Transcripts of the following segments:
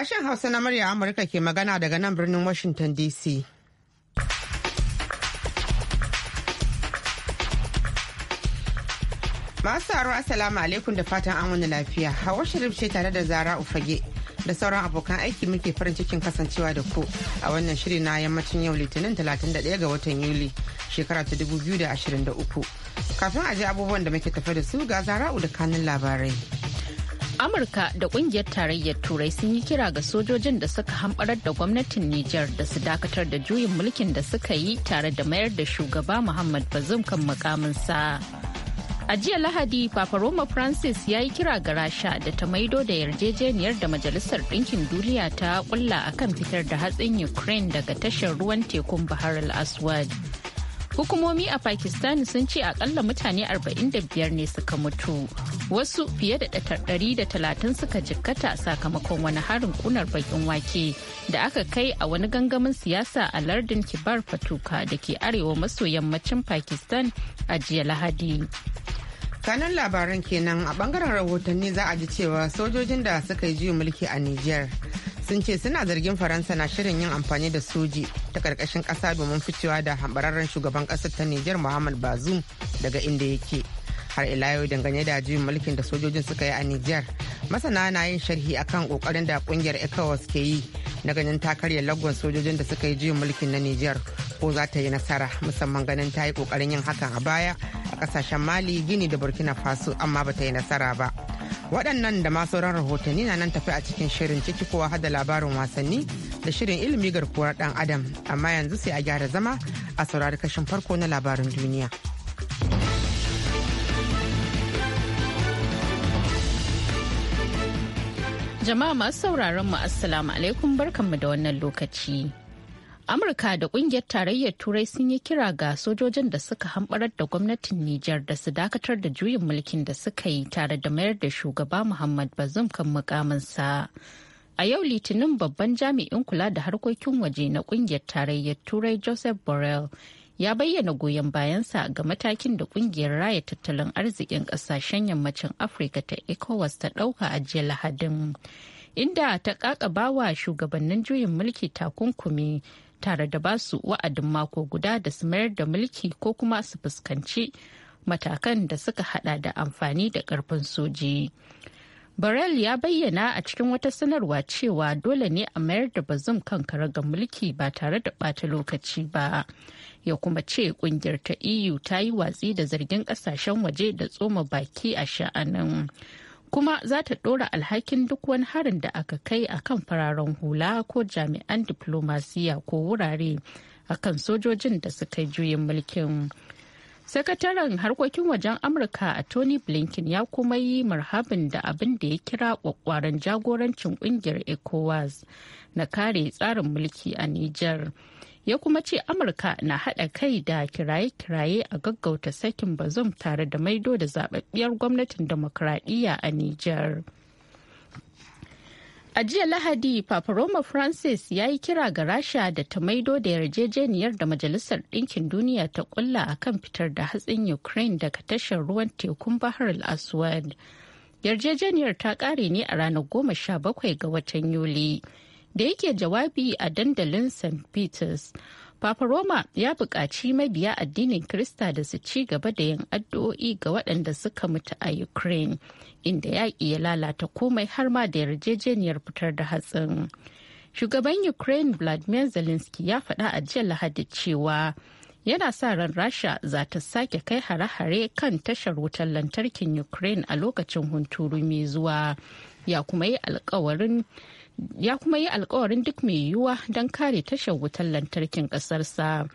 Sashen Hausa na murya Amurka ke magana daga nan birnin Washington DC. Masu haro Assalamu alaikum da fatan an wani lafiya. Hawa Sharif ce tare da Zara Ufage da sauran abokan aiki muke farin cikin kasancewa da ku a wannan shiri na yammacin yau Litinin 31 ga watan Yuli shekara ta 2023. Kafin a ji abubuwan da muke tafe da su ga Zara'u da kanin labarai. amurka da kungiyar tarayyar turai sun yi kira ga sojojin da suka hamɓarar da gwamnatin Nijar da su dakatar da juyin mulkin da suka yi tare da mayar da shugaba muhammad bazum kan makaminsa. a jiya lahadi papa roma francis ya yi kira ga rasha da ta maido da yarjejeniyar da majalisar ɗinkin duniya ta kulla kan fitar da hatsin ukraine daga tashar ruwan tekun bahar al-aswad hukumomi a pakistan sun ce akalla mutane 45 ne suka mutu wasu fiye da da talatin suka jikkata sakamakon wani harin kunar bakin wake da aka kai a wani gangamin siyasa a lardin kibar fatuka da ke arewa maso yammacin pakistan a jiya lahadi kanun labaran kenan a bangaren rahotanni za a ji cewa sojojin da suka yi juyin mulki a niger sun ce suna zargin faransa na shirin yin amfani da soji ta karkashin kasa domin ficewa da hambararren shugaban kasar ta niger muhammad bazum daga inda yake har ila yau dangane da juyin mulkin da sojojin suka yi a Nijar. Masana na yin sharhi akan kokarin da kungiyar ECOWAS ke yi na ganin ta karya sojojin da suka yi juyin mulkin na Nijar ko za ta yi nasara musamman ganin ta yi kokarin yin hakan a baya a kasashen Mali, Gini da Burkina Faso amma ba ta yi nasara ba. Waɗannan da ma sauran rahotanni na nan tafi a cikin shirin ciki kowa hada labarin wasanni da shirin ilimi garkuwar ɗan adam amma yanzu sai a gyara zama a saurari kashin farko na labarin duniya. Jama'a masu sauraron mu Assalamu alaikum barkanmu da wannan lokaci. Amurka da kungiyar tarayyar Turai sun yi kira ga sojojin da suka hamɓarar da gwamnatin Nijar da su dakatar da juyin mulkin da suka yi tare da mayar da shugaba Muhammad Bazoum kan mukaminsa. A yau Litinin babban jami'in kula da harkokin waje na kungiyar tarayyar Turai Joseph Borrell ya bayyana goyon bayansa ga matakin da kungiyar raya tattalin arzikin kasashen yammacin afirka ta ecowas ta dauka a jiya lahadin inda ta ƙaƙabawa shugabannin juyin mulki takunkumi tare da ba su wa'adin mako guda da su mayar da mulki ko kuma su fuskanci matakan da suka hada da amfani da karfin soji Borrell ya bayyana a cikin wata sanarwa cewa dole ne a mayar da bazum kan karagar mulki ba tare da ɓata lokaci ba. Ya kuma ce kungiyar ta EU ta yi watsi da zargin kasashen waje da tsoma baki a sha'anin. Kuma za ta ɗora alhakin duk wani harin da aka kai a kan fararen hula ko jami'an diplomasiya ko wurare a kan sojojin da suka juyin mulkin. sakataren harkokin wajen amurka a tony blinken ya kuma yi marhabin da abin da ya kira kwakwaran jagorancin kungiyar ecowas na kare tsarin mulki a niger ya kuma ce amurka na haɗa kai da kiraye-kiraye a gaggauta sakin bazum tare da maido da zababbiyar gwamnatin demokradiyya a niger A jiya Lahadi, Papa Roma Francis ya yi kira ga Rasha da ta maido da yarjejeniyar da Majalisar Ɗinkin Duniya ta kulla a kan fitar da hatsin Ukraine daga tashar ruwan tekun Bahar al-Aswad. Yarjejeniyar ta ƙare ne a ranar goma sha bakwai ga watan Yuli. Da yake jawabi a dandalin St. Peters, Papa Roma ya buƙaci mabiya addinin Krista da su ci gaba da yin addu'o'i ga waɗanda suka mutu a Ukraine, inda yaƙi ya lalata komai har ma da yarjejeniyar fitar da hatsin. Shugaban Ukraine Vladimir Zelensky ya faɗa a jiya Lahadi cewa yana sa ran Rasha za ta sake kai hare-hare kan tashar wutar lantarkin Ukraine a lokacin hunturu mai zuwa. Ya kuma yi alkawarin ya kuma yi alkawarin duk mai yiwuwa don kare tashar wutar lantarkin ƙasarsa.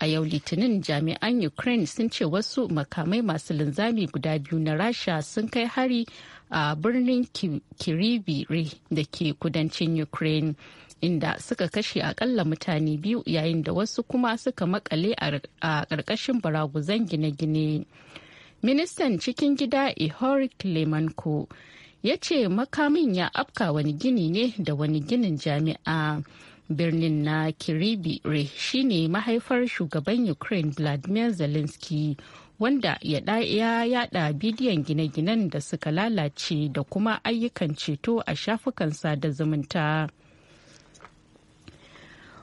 A yau Litinin jami'an Ukraine sun ce wasu makamai masu linzami guda biyu na Rasha sun kai hari a birnin Kiribiri da ke kudancin Ukraine. inda suka kashe akalla mutane biyu yayin da wasu kuma suka makale a ƙarƙashin baraguzan gine-gine. Ministan cikin gida Ihor Klemanko ya ce makamin ya afka wani gini ne da wani ginin jami'a birnin na kiribire shine mahaifar shugaban ukraine vladimir zelensky wanda ya yada bidiyon gine-ginen da suka lalace da kuma ayyukan ceto a shafukan sada zumunta.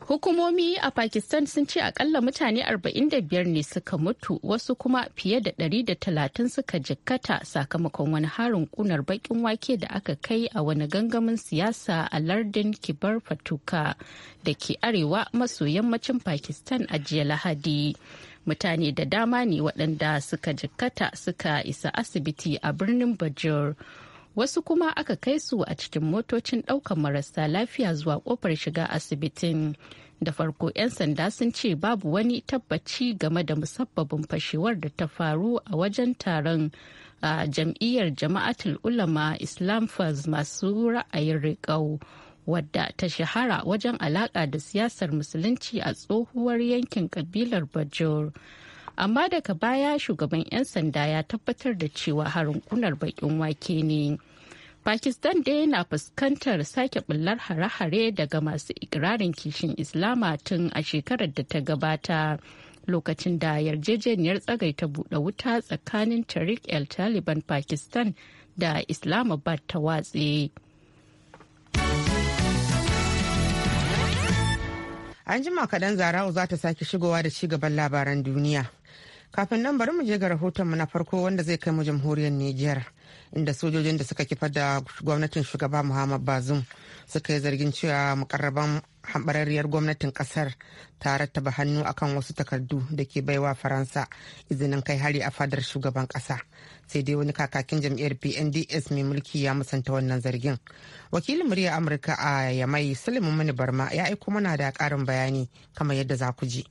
Hukumomi a Pakistan sun ce akalla mutane 45 ne suka mutu wasu kuma fiye da 130 suka jikkata sakamakon wani harin kunar bakin wake da aka kai a wani gangamin siyasa a lardin Kibar Fatuka da ke arewa maso yammacin Pakistan a jiya Lahadi. Mutane da dama ne waɗanda suka jikkata suka isa asibiti a birnin Bajor. wasu kuma aka kai su a cikin motocin ɗaukar marasa lafiya zuwa kofar shiga asibitin da farko 'yan sanda sun ce babu wani tabbaci game da musabbabin fashewar da ta faru a wajen taron a jam'iyyar jama'atul ulama islam masu ra'ayin riƙau wadda ta shahara wajen alaƙa da siyasar musulunci a tsohuwar yankin ƙabilar bajor amma daga baya shugaban 'yan sanda ya tabbatar da cewa harin kunar bakin wake ne pakistan dai na fuskantar sake bullar hare-hare daga masu ikirarin kishin islama tun a shekarar da ta gabata lokacin da yarjejeniyar tsagai ta buɗe wuta tsakanin tariq el taliban pakistan da islamabad ta watse an jima kaɗan zara'u za ta sake shigowa da ci gaban labaran duniya kafin nan bari mu je ga rahotonmu na farko wanda zai kai mu jamhuriyar Nijar inda sojojin da suka kifar da gwamnatin shugaba Muhammad bazum suka yi zargin cewa mukarraban hambarariyar gwamnatin kasar ta rattaba hannu akan wasu takardu da ke baiwa Faransa izinin kai hari a fadar shugaban kasa sai dai wani kakakin jam'iyyar PNDS mai mulki ya musanta wannan zargin wakilin murya Amurka a Yamai Suleiman Mani Barma ya aiko mana da karin bayani kamar yadda za ku ji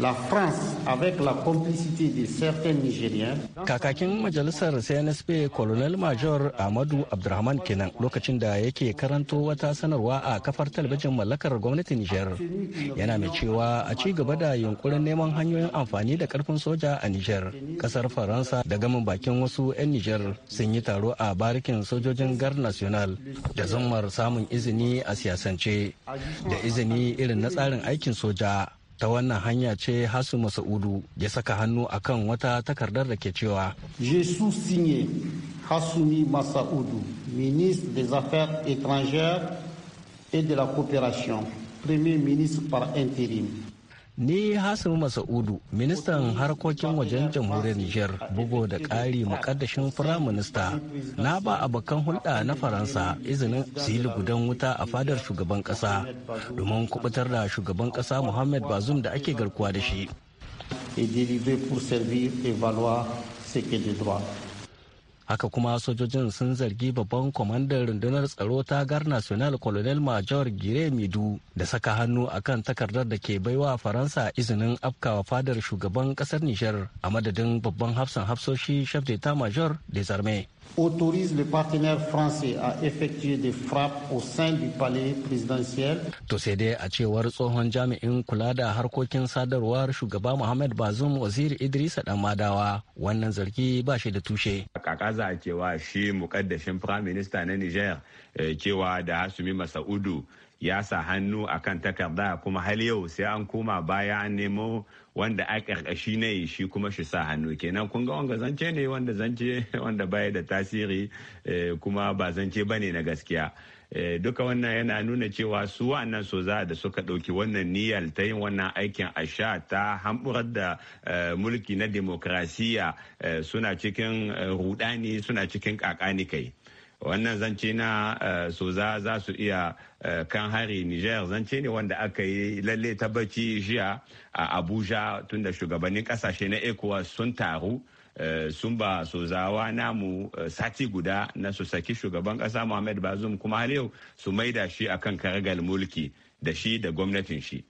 La France, avec la complicité de certains Nigériens. Kakakin majalisar CNSP Colonel Major Ahmadu Abdurrahman kenan lokacin da yake karanto wata sanarwa a kafar talabijin mallakar gwamnatin niger Yana mai cewa a ci gaba da yunkurin neman hanyoyin amfani da karfin soja a niger Kasar Faransa da gamin bakin wasu 'yan niger sun yi taro a barikin sojojin gar national da zammar samun izini a siyasance da izini irin na tsarin aikin soja. ta wannan hanya ce hasu masa'udu ya saka hannu akan wata takardar da ke cewa su signé hasumi masa'udu ministre des affaires étrangères et de la coopération premier ministre par intérim Ni Hasimu Masa'udu, ministan harkokin wajen jamhuriyar Nijar, bugo da ƙari muƙaddashin firaminista, na ba abokan hulɗa na Faransa izinin sili gudan wuta a fadar shugaban ƙasa domin kubutar da shugaban ƙasa Muhammad Bazum da ake garkuwa da shi. haka kuma sojojin sun zargi babban kwamandan rundunar tsaro ta gar national colonel major gire midu da saka hannu a kan takardar da ke baiwa faransa izinin afkawa fadar shugaban kasar nijar a madadin babban hafsan hafsoshi chef major de zarme. autorise le partenaire français à effectuer des frappes au sein du palais présidentiel. To sai dai a cewar tsohon jami'in kula da harkokin sadarwar shugaba Muhammad Bazoum Waziri Idrisa Damadawa wannan zargi ba shi da tushe. Kaka za a cewa shi mukaddashin Prime Minister na Niger eh, cewa da Hasumi Masaudu ya sa hannu a kan takarda kuma har yau sai an koma baya an nemo wanda a ƙarƙashi ne shi kuma shi sa hannu kenan kun ga wanga zance ne wanda zance wanda baya da tasiri eh, kuma ba zance bane na gaskiya eh, duka wannan yana nuna cewa su wannan so za da suka ɗauki wannan niyyar ta yin wannan aikin a sha ta hamburar da eh, mulki na demokrasiya suna cikin rudani suna cikin kakani kai wannan zance na eh, soza za su iya eh, kan hari niger zance ne wanda aka yi lalle tabbaci jiya a abuja tunda shugabannin kasashe na ecowas sun taru eh, sun ba sozawa namu sati guda na su saki shugaban kasa muhammad bazum kuma har yau su maida shi akan karagal mulki da shi da gwamnatin shi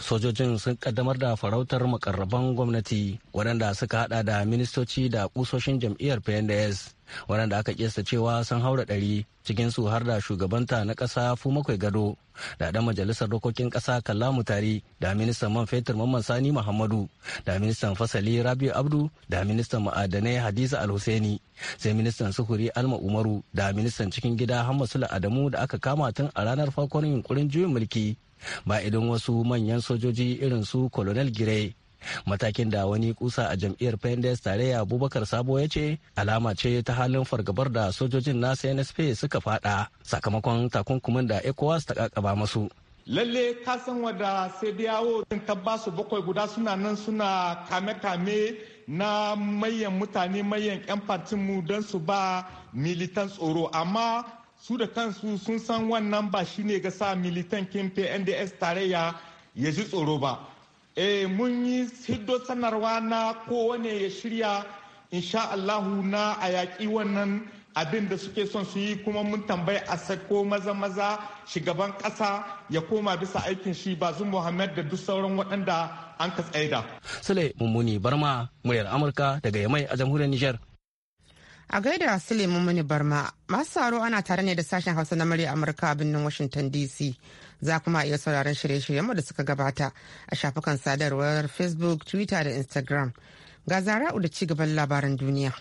sojojin sun kaddamar da farautar makarraban gwamnati waɗanda suka hada da ministoci da kusoshin jam'iyyar pnds waɗanda aka kesa cewa sun haura ɗari cikinsu har da shugabanta na ƙasa makwai gado da ɗan majalisar dokokin ƙasa kallamu tare da ministan man fetur mamman sani muhammadu da ministan fasali rabiu abdu da ministan ma'adanai hadiza alhuseni sai ministan sufuri alma umaru da ministan cikin gida hamma adamu da aka kama tun a ranar farkon yunkurin juyin mulki ba idan wasu manyan sojoji irin su colonel gire matakin da wani kusa a jam'iyyar pendes tarayya abubakar sabo ya ce alama ce ta halin fargabar da sojojin na cnsp suka fada sakamakon takunkumin da ecowas ta kakaba masu lalle ka san wada sai yawo ta ba su bakwai guda suna nan suna kame-kame na mayan mutane mayan yan mu don su ba militan tsoro amma su da kansu sun san wannan ba shi ne ga sa militan kin pnds tarayya ya ji tsoro ba e mun yi hiddo sanarwa na kowane ya shirya insha allahu na a yaƙi wannan abin da suke son su yi kuma mun tambayi a sako maza maza shugaban ƙasa ya koma bisa aikin shi ba zu muhammad da duk sauran waɗanda an ka tsaida. sule mummuni barma muryar amurka daga yamai a jamhuriyar nijar. A gaida Suleiman mini Barma, masu tsaro ana tare ne da sashen Hausa na murya Amurka a birnin Washington DC. Za kuma iya sauraron shirye-shiryenmu da suka gabata a shafukan sadarwar Facebook, Twitter da Instagram. Ga zara'u da ci gaban labaran duniya.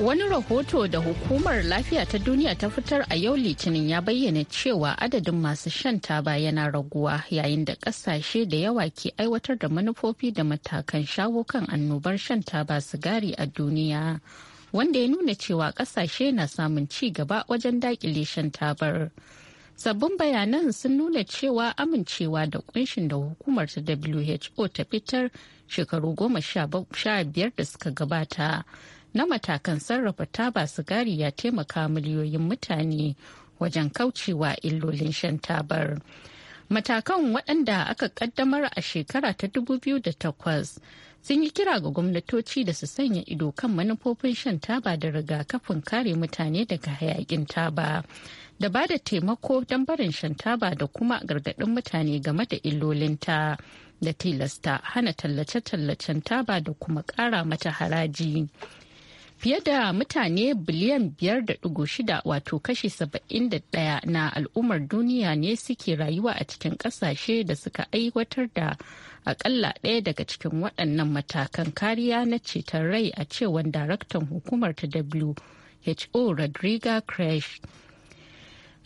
Wani rahoto da hukumar lafiya ta duniya ta fitar a yau litinin ya bayyana cewa adadin masu shan taba yana raguwa yayin da kasashe da yawa ke aiwatar da manufofi da matakan shawo kan annobar shan taba sigari a duniya. Wanda ya nuna cewa kasashe na samun ci gaba wajen dakile shan tabar. sabbin bayanan sun nuna cewa amincewa da kunshin da hukumar ta who ta fitar shekaru goma sha biyar da suka gabata na matakan sarrafa taba sigari ya taimaka miliyoyin mutane wajen kaucewa illolin shan tabar. Matakan waɗanda aka ƙaddamar a shekara ta 2008 sun yi kira ga gwamnatoci da su sanya ido kan manufofin shan taba da rigakafin kare mutane daga hayakin taba da ba da taimako don barin shan taba da kuma gargaɗin mutane game da illolinta da tilasta hana tallace-tallacen taba da kuma ƙara mata haraji. Fiye da mutane biliyan 5.6 wato kashi 71 na al'ummar duniya ne suke rayuwa a cikin ƙasashe da suka aiwatar da akalla ɗaya daga cikin waɗannan matakan kariya na ceton rai a cewar daraktan hukumar ta WHO Rodriga Crash.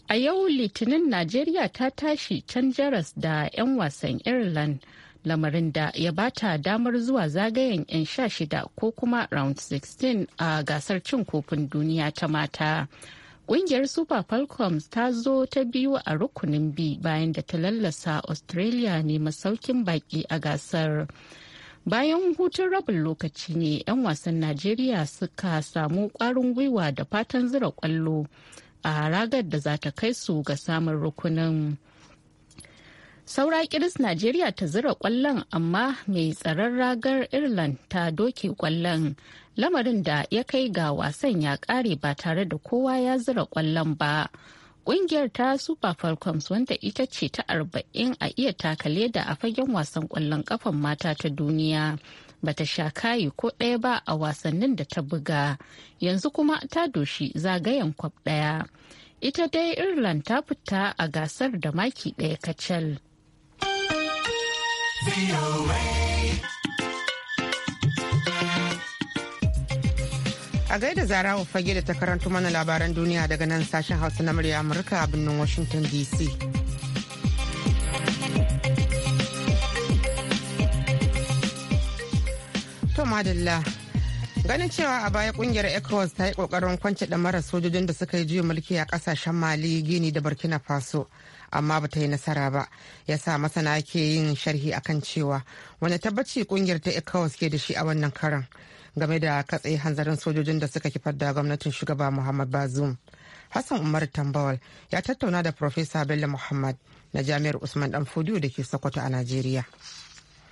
A yau Litinin Najeriya ta tashi can jaras da 'yan wasan Ireland. lamarin da ya bata damar zuwa zagayen 'yan sha shida ko kuma round 16 a gasar cin kofin duniya ta mata ƙungiyar super falcons ta zo ta biyu a rukunin b bayan da ta lallasa australia ne masaukin baki a gasar bayan hutun rabin lokaci ne 'yan wasan najeriya suka samu ƙwarin gwiwa da fatan zira ƙwallo a ragar da za ta kai su ga samun rukunin. Saura kiris Najeriya ta zira kwallon amma mai tsaron ragar Ireland ta doke kwallon lamarin da ya kai ga wasan ya kare ba tare da kowa ya zira kwallon ba. Kungiyar ta Super Falcons wanda ita ce ta arba'in a iya takale da a fagen wasan kwallon kafan mata ta duniya. bata sha kayi ko ɗaya ba a wasannin da ta buga yanzu kuma ta doshi zagayen kwab ɗaya ita dai ireland ta fita a gasar da maki ɗaya kacal A gaida zara fage da ta karanto mana labaran duniya daga nan sashen hausa na murya Amurka a birnin Washington DC. To madalla ganin cewa a baya kungiyar ecowas ta yi kokarin kwance da mara sojojin da suka yi juya mulki a kasashen mali gini da burkina faso amma ba ta yi nasara ba ya sa masana ke yin sharhi akan cewa wani tabbaci kungiyar ta ecowas ke da shi a wannan karan game da katse hanzarin sojojin da suka kifar da gwamnatin shugaba muhammad bazoum hassan umar tambawal ya tattauna da profesa bello muhammad na jami'ar usman danfodiyo da ke sokoto a najeriya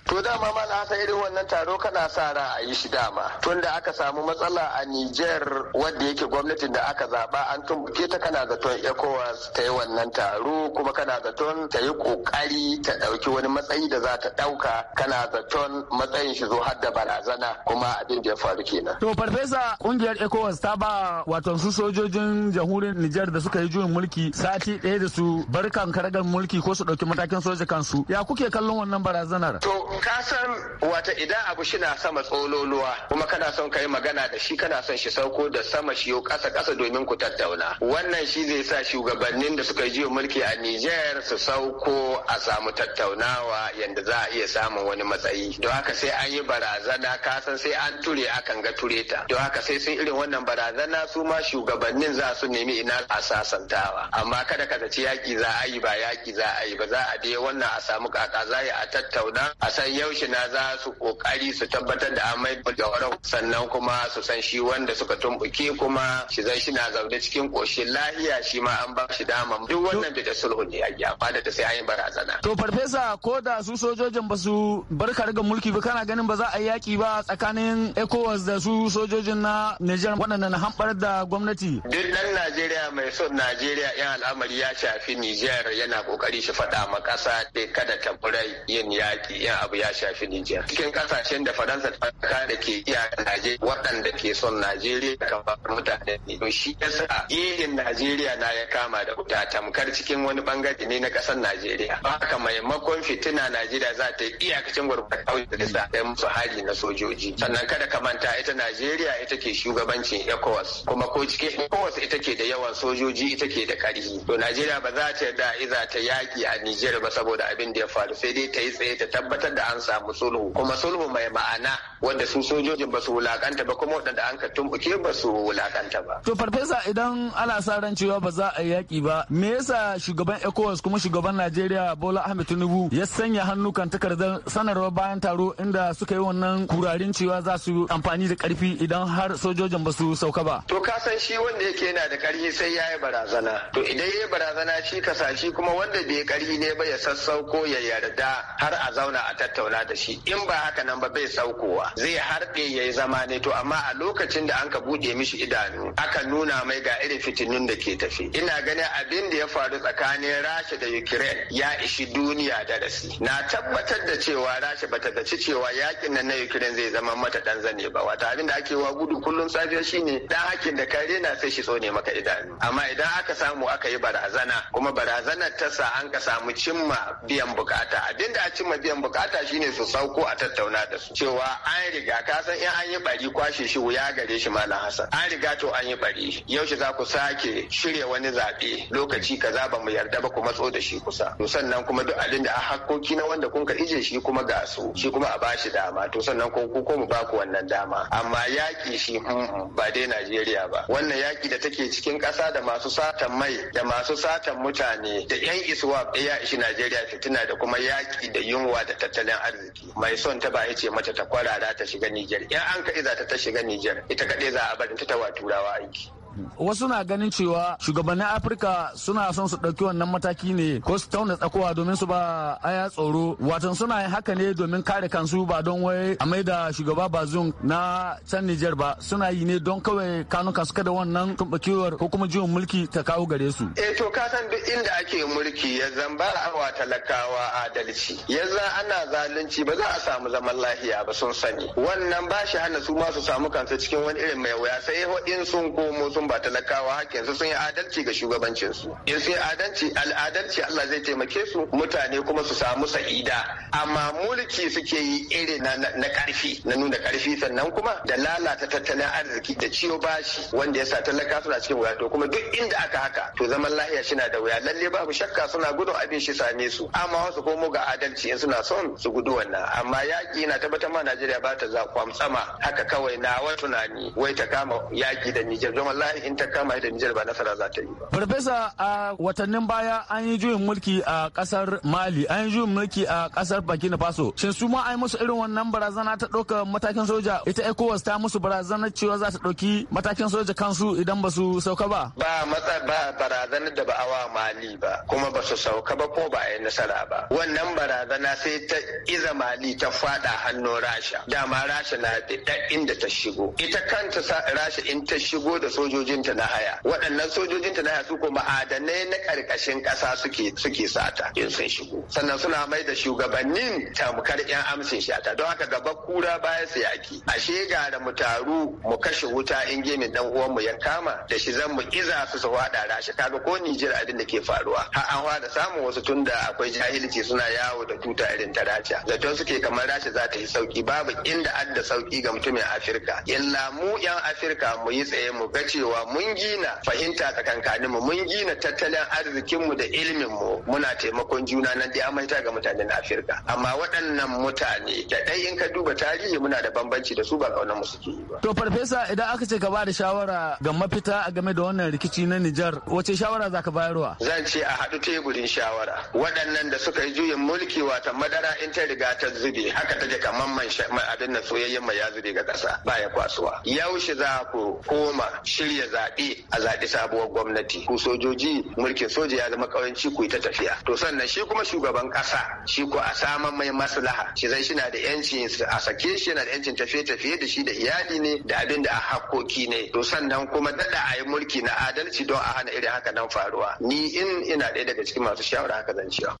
To dama ma na hasa irin wannan taro kana sa ra a yi shi dama. Tunda aka samu matsala a Niger wanda yake gwamnatin da aka zaba an tumbuke ta kana zaton ECOWAS ta yi wannan taro kuma kana zaton ta yi kokari ta dauki wani matsayi da za ta dauka kana zaton matsayin shi zo har da barazana kuma abin da ya faru kenan. To farfesa kungiyar ECOWAS ta ba wato su sojojin jamhuriyar Niger da suka yi juyin mulki sati ɗaya da su barkan karagar mulki ko su dauki matakin soja kansu. Ya kuke kallon wannan barazanar? ka san wata idan abu shi na sama tsololuwa kuma kana son ka yi magana da shi kana son shi sauko da sama shi yau kasa-kasa domin ku tattauna wannan shi zai sa shugabannin da suka jiyo mulki a Nijar su sauko a samu tattaunawa yadda za a iya samun wani matsayi don haka sai an yi barazana kasan sai an ture akan ga ture ta don haka sai sun irin wannan barazana su ma shugabannin za su nemi ina a sasantawa amma kada ka zaci yaki za a yi ba yaki za a yi ba za a dai wannan a samu kaka za a tattauna a san san yaushe na za su kokari su tabbatar da amai jawarar sannan kuma su san shi wanda suka tumbuke kuma shi zai shi na zaune cikin koshin lahiya shi ma an ba shi dama duk wannan da sulhu ne a gyafa da ta sai an barazana. To farfesa ko da su sojojin ba su bar ga mulki ba kana ganin ba za a yi yaki ba tsakanin ECOWAS da su sojojin na Nijar waɗannan hamɓar da gwamnati. Duk ɗan Najeriya mai son Najeriya yan al'amari ya shafi Nijar yana kokari shi faɗa ma ƙasa kada ta burai yin yaki yan abu ya shafi Nijar. Cikin kasashen da Faransa ta da ke iya Najeriya waɗanda ke son Najeriya kamar mutane ne. To shi yasa gehen Najeriya na ya kama da wuta tamkar cikin wani bangare ne na ƙasar Najeriya. Haka maimakon fitina Najeriya za ta iyakacin gurɓata kawai da sa musu hali na sojoji. Sannan kada ka manta ita Najeriya ita ke shugabancin ECOWAS kuma ko cikin ECOWAS ita ke da yawan sojoji ita ke da ƙarfi. To Najeriya ba za ta yarda iza ta yaƙi a Nijar ba saboda abin da ya faru sai dai ta yi tsaye ta tabbatar da an samu sulhu kuma sulhu mai ma'ana wanda su sojojin ba su wulakanta ba kuma waɗanda an ka tumbuke ba su wulakanta ba. To farfesa idan ana sa ran cewa ba za a yi yaƙi ba me yasa shugaban ECOWAS kuma shugaban Najeriya Bola Ahmed Tinubu ya sanya hannu kan takardar sanarwa bayan taro inda suka yi wannan kurarin cewa za su amfani da ƙarfi idan har sojojin ba su sauka ba. To ka san shi wanda yake yana da ƙarfi sai ya yi barazana. To idan ya yi barazana shi kasashe kuma wanda bai ƙarfi ne ba ya sassauko ya yarda har a zauna a tattauna. tattauna da shi in ba haka nan ba bai saukowa zai harɗe ya yi zama ne to amma a lokacin da an ka buɗe mishi idanu aka nuna mai ga irin fitinin da ke tafi ina ganin abin da ya faru tsakanin rasha da ukraine ya ishi duniya darasi na tabbatar da cewa rasha bata gaci cewa yakin nan na ukraine zai zama mata dan zane ba wata abin da ake wa gudu kullum safiya shine dan hakin da kare na sai shi tsone maka idanu amma idan aka samu aka yi barazana kuma barazanar ta sa an ka samu cimma biyan bukata abin da a cimma biyan bukata Shi shine su sauko a tattauna da su cewa an riga ka san in an yi bari kwashe shi wuya gare shi malam Hassan an riga to an yi bari yaushe za ku sake shirya wani zaɓe lokaci kaza ba mu yarda ba ku matso da shi kusa to sannan kuma duk abin da a hakkoki na wanda kun ka ije shi kuma ga su shi kuma a bashi dama to sannan ko ku ko mu ba ku wannan dama amma yaƙi shi ba dai Najeriya ba wannan yaki da take cikin ƙasa da masu satan mai da masu satan mutane da 'yan isuwa ya ishi Najeriya fitina da kuma yaki da yunwa da tattalin tattalin arziki mai son ta ba ce mata ta kwarara ta shiga Nijar in an ka iza ta ta shiga Nijar ita kaɗai za a barin ta wa turawa aiki wasu na ganin cewa shugabannin afirka suna son su ɗauki wannan mataki ne ko su tauna tsakowa domin su ba aya tsoro watan suna yin haka ne domin kare kansu ba don wai a da shugaba bazum na can nijar ba suna yi ne don kawai kanuka kasu kada wannan tumbakewar ko kuma jiwon mulki ta kawo gare su e to ka san duk inda ake mulki ya zamba awa talakawa adalci yanzu ana zalunci ba za a samu zaman lafiya ba sun sani wannan ba shi hana su ma su samu kansu cikin wani irin mai wuya sai in sun komo sun sun ba talakawa hakkin su sun yi adalci ga shugabancin su in sun yi adalci al'adalci Allah zai taimake su mutane kuma su samu sa'ida amma mulki suke yi irin na karfi na nuna karfi sannan kuma da lalata tattalin arziki da ciwo bashi wanda ya sa talaka suna cikin wuya to kuma duk inda aka haka to zaman lahiya shina da wuya lalle babu shakka suna gudun abin shi same su amma wasu komo ga adalci in suna son su gudu wannan amma yaki na tabbatar ma Najeriya ba ta zakwam tsama, haka kawai na wa tunani wai ta kama yaki da Nijar don Allah wallahi in ta kama da Nijar ba nasara za ta yi ba. Farfesa a watannin baya an yi juyin mulki a kasar Mali, an yi juyin mulki a kasar Burkina Faso. Shin su ma yi musu irin wannan barazana ta ɗauka matakin soja? Ita ECOWAS ta musu barazanar cewa za ta ɗauki matakin soja kansu idan ba su sauka ba? Ba matsa ba barazanar da ba a wa Mali ba, kuma ba su sauka ba ko ba a yi nasara ba. Wannan barazana sai ta iza Mali ta faɗa hannu Rasha. Dama Rasha na da inda ta shigo. Ita kanta Rasha in ta shigo da sojoji sojojinta na haya waɗannan sojojinta na haya su ko ma'adanai na ƙarƙashin ƙasa suke suke sata in sun shigo sannan suna mai da shugabannin tamkar 'yan amsin shata don haka gaba kura baya su yaki ashe gara mu taru mu kashe wuta in gemin dan uwan mu ya kama da shi zan mu iza su su wada rashi kaga ko Nijar abin da ke faruwa ha an wada samun wasu tunda akwai jahilci suna yawo da tuta irin ta racha zaton suke kamar rashi za ta yi sauki babu inda adda sauki ga mutumin Afirka illa mu 'yan Afirka mu yi tsaye mu ga cewa cewa mun gina fahimta tsakankanin mu mun gina tattalin arzikinmu da ilimin mu muna taimakon juna na dai ga mutanen Afirka amma waɗannan mutane da dai in ka duba tarihi muna da bambanci da su ba kaunar mu suke yi ba to farfesa idan aka ce ka ba da shawara ga mafita a game da wannan rikici na Nijar wace shawara zaka bayarwa zan ce a haɗu teburin shawara waɗannan da suka yi juyin mulki wata madara in ta riga ta zube haka take kamar man abin na soyayyen mai ya zube ga ƙasa ya kwasuwa yaushe za ku koma shirya da zaɓe a zaɓi sabuwar gwamnati ku sojoji mulkin soja ya zama ƙawanci ku ta tafiya to sannan shi kuma shugaban ƙasa shi ko a saman mai maslaha shi zai shina da yancin a sake shi yana da yancin tafiye-tafiye da shi da iyali ne da abin da a hakkoki ne to sannan kuma daɗa a yi mulki na adalci don a hana irin haka nan faruwa ni in ina ɗaya daga cikin masu shawara haka zan ciwa.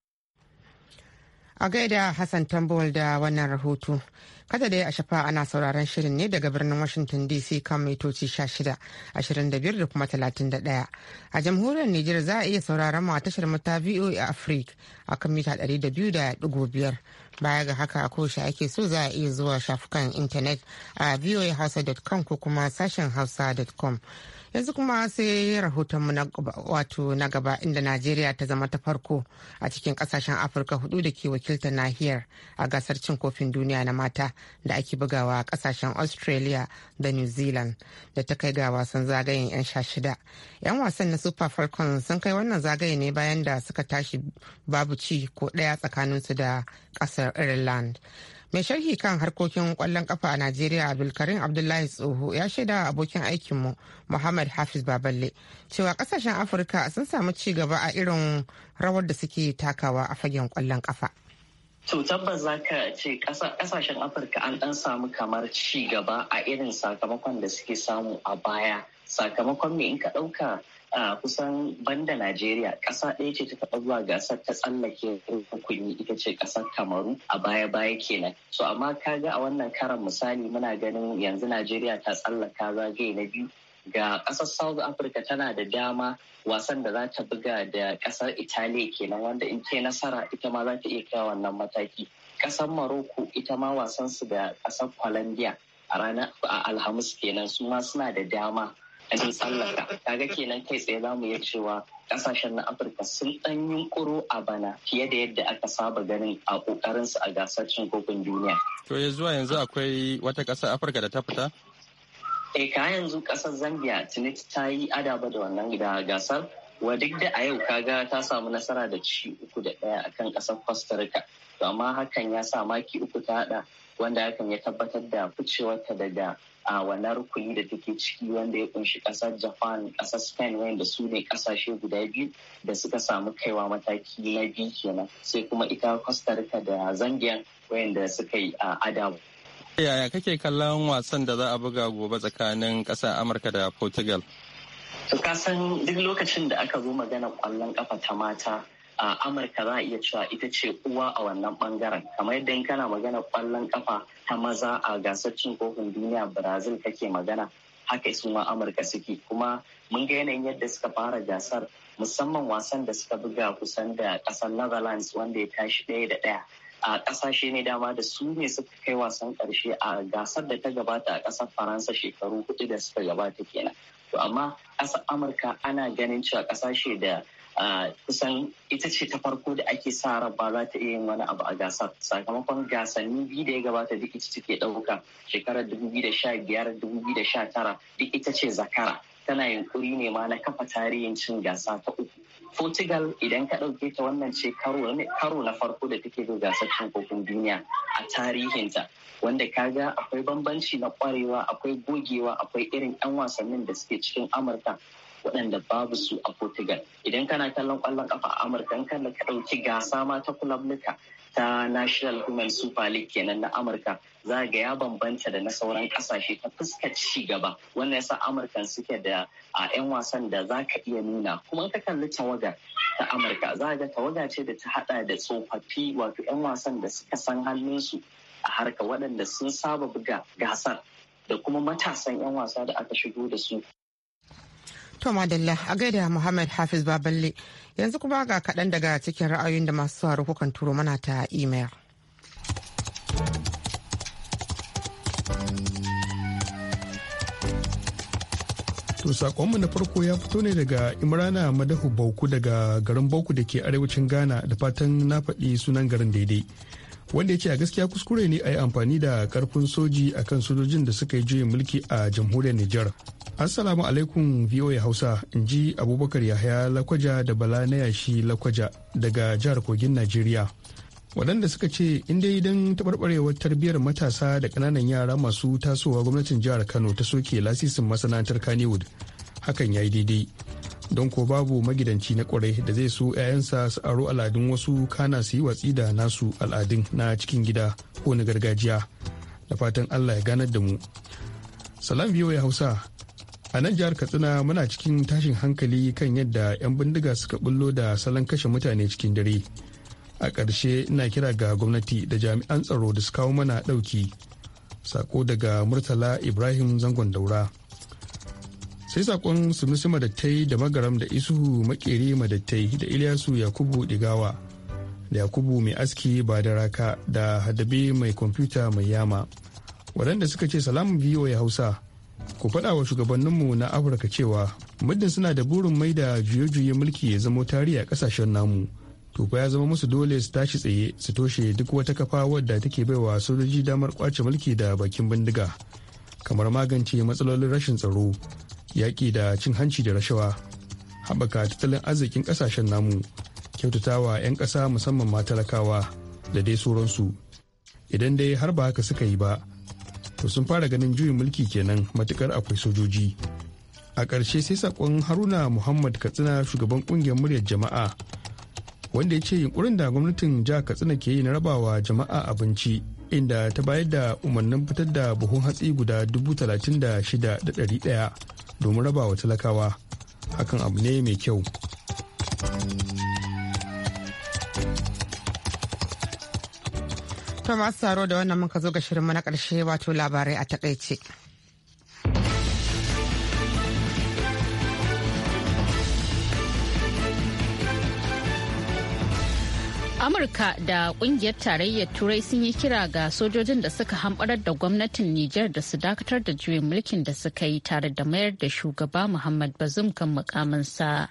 a gaida hassan tambol da wannan rahoto Kada dai a shafa ana sauraron shirin ne daga birnin Washington DC kan mitoci 16, 25 da kuma 31. A jamhuriyar Nijar za a iya sauraron mu a tashar mata VOA Africa a kan mita 200.5. Baya ga haka a kowace ake so za a iya zuwa shafukan intanet a voahausa.com ko kuma sashen hausa.com. yanzu kuma sai rahotonmu na wato na gaba inda najeriya ta zama ta farko a cikin kasashen afirka hudu da ke wakiltar nahiyar a gasar cin kofin duniya na mata da ake bugawa a kasashen australia da new zealand da ta kai ga wasan zagayen 'yan sha shida 'yan wasan na super falcons sun kai wannan zagaye ne bayan da suka tashi babu ci ko ɗaya tsakaninsu da kasar ireland mai sharhi kan harkokin kwallon kafa a najeriya abdulkarim abdullahi tsoho ya shaida abokin aikinmu muhammad hafiz baballe cewa kasashen afirka sun samu ci gaba a irin rawar da suke takawa a fagen kwallon kafa To tabbas za ka ce kasashen Afirka an ɗan samu kamar ci gaba a irin sakamakon da suke samu a baya. Sakamakon mai in ka ɗauka a kusan banda Najeriya ƙasa ɗaya ce ta taɓa zuwa gasar ta tsallake rukuni ita ce ƙasar Kamaru a baya-baya kenan. So amma ka ga a wannan karan misali muna ganin yanzu Najeriya ta tsallaka zagaye na biyu ga ƙasar South Africa tana da dama wasan da za ta buga da ƙasar Italiya kenan wanda in ta nasara ita ma za ta iya kai wannan mataki. Ƙasar Morocco ita ma wasan su da ƙasar Colombia a ranar Alhamis kenan su ma suna da dama ajin sallar ta kaga kenan kai tsaye za mu iya cewa kasashen na afirka sun dan yunkuro a bana fiye da yadda aka saba ganin a kokarin su a gasar cin kofin duniya to ya zuwa yanzu akwai wata ƙasar afirka da ta fita e ka yanzu kasar zambia tuni ta yi adaba da wannan da gasar wa duk da a yau kaga ta samu nasara da ci uku da daya akan kasar costa rica to amma hakan ya sa maki uku ta hada wanda hakan ya tabbatar da ficewarta daga a wannan rukuni da take ciki wanda ya kunshi kasar japan kasar spain wanda su ne kasashe guda biyu da suka samu kaiwa mataki na biyu kenan sai kuma ita costa rica da zambia wanda suka yi a adabu yaya kake kallon wasan da za a buga gobe tsakanin kasar amurka da portugal ka san duk lokacin da aka zo magana kwallon kafa ta mata a amurka za a iya cewa ita ce uwa a wannan bangaren kamar yadda in kana magana kwallon kafa ta maza a gasar cin kofin duniya brazil kake magana haka su ma amurka suke kuma mun ga yanayin yadda suka fara gasar musamman wasan da suka buga kusan da kasar netherlands wanda ya tashi ɗaya da ɗaya a ƙasashe ne dama da su ne suka kai wasan ƙarshe a gasar da ta gabata a ƙasar faransa shekaru hudu da suka gabata kenan to amma ƙasar amurka ana ganin cewa ƙasashe da a kusan ita ce ta farko da ake sa rabba ba za ta iya yin wani abu a gasar sakamakon gasanni biyu da ya gabata duk ita take ɗauka shekarar 2015 2019 duk ita ce zakara tana yunkuri ne ma na kafa tarihin cin gasa ta uku Portugal idan ka ɗauke ta wannan ce karo na farko da take zo gasar cin kofin duniya a tarihinta wanda kaga akwai bambanci na kwarewa akwai gogewa akwai irin 'yan wasannin da suke cikin Amurka waɗanda babu su a Portugal. Idan kana kallon ƙwallon ƙafa a Amurka, da ka ɗauki gasa ma ta kulabluka ta National Women Super League kenan na Amurka za ga ya bambanta da na sauran ƙasashe ta fuskar ci gaba. Wannan yasa Amurkan suke da a 'yan wasan da za ka iya nuna. Kuma ka kalli tawaga ta Amurka za ga tawaga ce da ta haɗa da tsofaffi wato 'yan wasan da suka san hannunsu a harka waɗanda sun saba buga gasar da kuma matasan 'yan wasa da aka shigo da su To madalla a gaida Muhammad Hafiz Baballe yanzu kuma ga kaɗan daga cikin ra'ayoyin da masu sauraro kukan turo mana ta imel. To sakonmu na farko ya fito ne daga Imrana Madahu Bauku daga garin Bauku da ke arewacin Ghana da fatan na faɗi sunan garin daidai. wanda ya ce a gaskiya kuskure ne a yi amfani da karfin soji a kan sojojin da suka yi juyin mulki a jamhuriyar Nijar. Assalamu alaikum VOA Hausa in ji Abubakar Yahaya Lakwaja da Bala na yashi Lakwaja daga jihar Kogin Najeriya. Waɗanda suka ce in dai don taɓarɓarewar tarbiyyar matasa da ƙananan yara masu tasowa gwamnatin jihar Kano ta soke lasisin masana'antar Kannywood. hakan ya yi daidai don ko babu magidanci na kwarai da zai so 'ya'yansa su aro al'adun wasu kana su yi watsi da nasu al'adun na cikin gida ko na gargajiya da fatan allah ya ganar da mu salam ya hausa a nan jihar katsina muna cikin tashin hankali kan yadda 'yan bindiga suka bullo da salon kashe mutane cikin dare a ƙarshe ina kira ga gwamnati da jami'an tsaro da su kawo mana ɗauki sako daga murtala ibrahim zangon daura sai sakon sunusi madattai da magaram da isuhu makeri madattai da ilyasu yakubu digawa da yakubu mai aski ba da raka da hadabe mai kwamfuta mai yama waɗanda suka ce salamun ya hausa ku faɗa wa shugabanninmu na afirka cewa muddin suna da burin mai da juye-juye mulki ya zamo tarihi a ƙasashen namu to fa ya zama musu dole su tashi tsaye su toshe duk wata kafa wadda take baiwa sojoji damar kwace mulki da bakin bindiga kamar magance matsalolin rashin tsaro yaƙi da cin hanci da rashawa haɓaka tattalin arzikin ƙasashen namu kyautatawa 'yan ƙasa musamman ma talakawa da dai sauransu idan dai har ba haka suka yi ba to sun fara ganin juyin mulki kenan matukar akwai sojoji a ƙarshe sai saƙon haruna muhammad katsina shugaban ƙungiyar muryar jama'a wanda ya ce yunkurin da gwamnatin jihar katsina ke yi na rabawa jama'a abinci inda ta bayar da umarnin fitar da buhun hatsi guda 36,100 domin raba wa talakawa hakan abu ne mai kyau Thomas taro da wannan muka zo ga shirinmu na karshe wato labarai a takaice. amurka da kungiyar tarayyar turai sun yi kira ga sojojin da suka hamɓarar da gwamnatin nijar da su dakatar da juyin mulkin da suka yi tare da mayar da shugaba muhammad bazum kan mukaminsa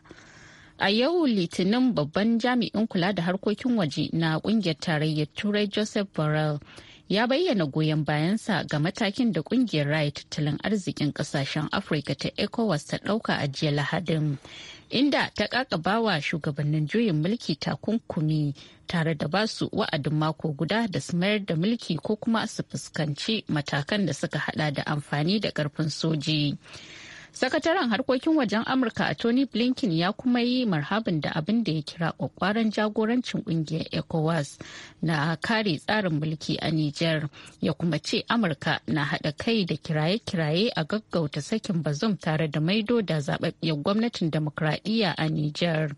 a yau litinin babban jami'in kula da harkokin waje na kungiyar tarayyar turai joseph borrell ya bayyana goyon bayansa ga matakin da kungiyar raya tattalin arzikin kasashen afirka ta ecowas ta dauka a jiya lahadin inda ta kakaba wa shugabannin juyin mulki takunkumi tare da basu wa'adin mako guda da su mayar da mulki ko kuma su fuskanci matakan da suka hada da amfani da karfin soji. sakataren harkokin wajen amurka a tony blinken ya kuma yi marhabin da abin da ya kira kwakwaran jagorancin kungiyar ecowas na kare tsarin mulki a nijar ya kuma ce amurka na haɗa kai da kiraye-kiraye a gaggauta sakin bazum tare da maido da zababbiyar gwamnatin demokradiyya a nijar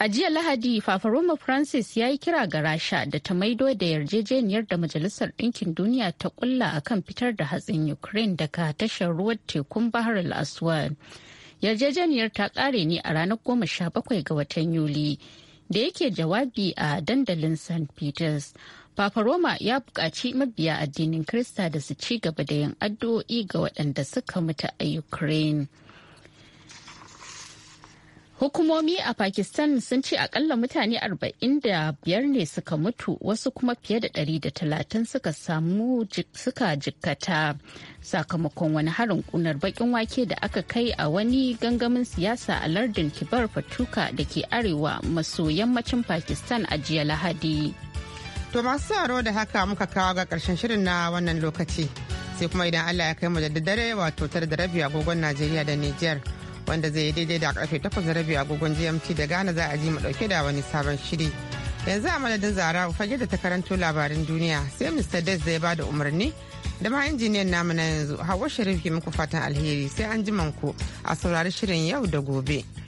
A jiya Lahadi, Fafaroma Francis ya yi kira ga Rasha da ta maido da yarjejeniyar da Majalisar Ɗinkin Duniya ta kulla a kan fitar da hatsin Ukraine daga tashar ruwan tekun Bahar al-Aswad. Yarjejeniyar ta ƙare ne a ranar goma sha bakwai ga watan Yuli. Da yake jawabi a dandalin St. Peters, Fafaroma ya buƙaci mabiya addinin Krista da su ci gaba da yin addu'o'i ga waɗanda suka mutu a Ukraine. Hukumomi a Pakistan sun ce akalla mutane 45 ne suka mutu wasu kuma fiye da 130 suka samu suka jikkata sakamakon wani harin kunar bakin wake da aka kai a wani gangamin siyasa a lardin Kibar Fatuka da ke arewa maso yammacin Pakistan a jiya Lahadi. To masu tsaro da haka muka kawo ga karshen shirin na wannan lokaci sai kuma idan Allah ya kai mu da dare wato tare da rabi agogon Najeriya da Nijar. wanda zai yi daidai da karfe 8:30 agogon GMT da Ghana za a ji mu dauke da wani sabon shiri. Yanzu a madadin zara fage da ta karanto labarin duniya sai Mr. Des zai ba da umarni da ma injiniyan namu na yanzu Hawwa Sharif ke muku fatan alheri sai an ji ku a saurari shirin yau da gobe.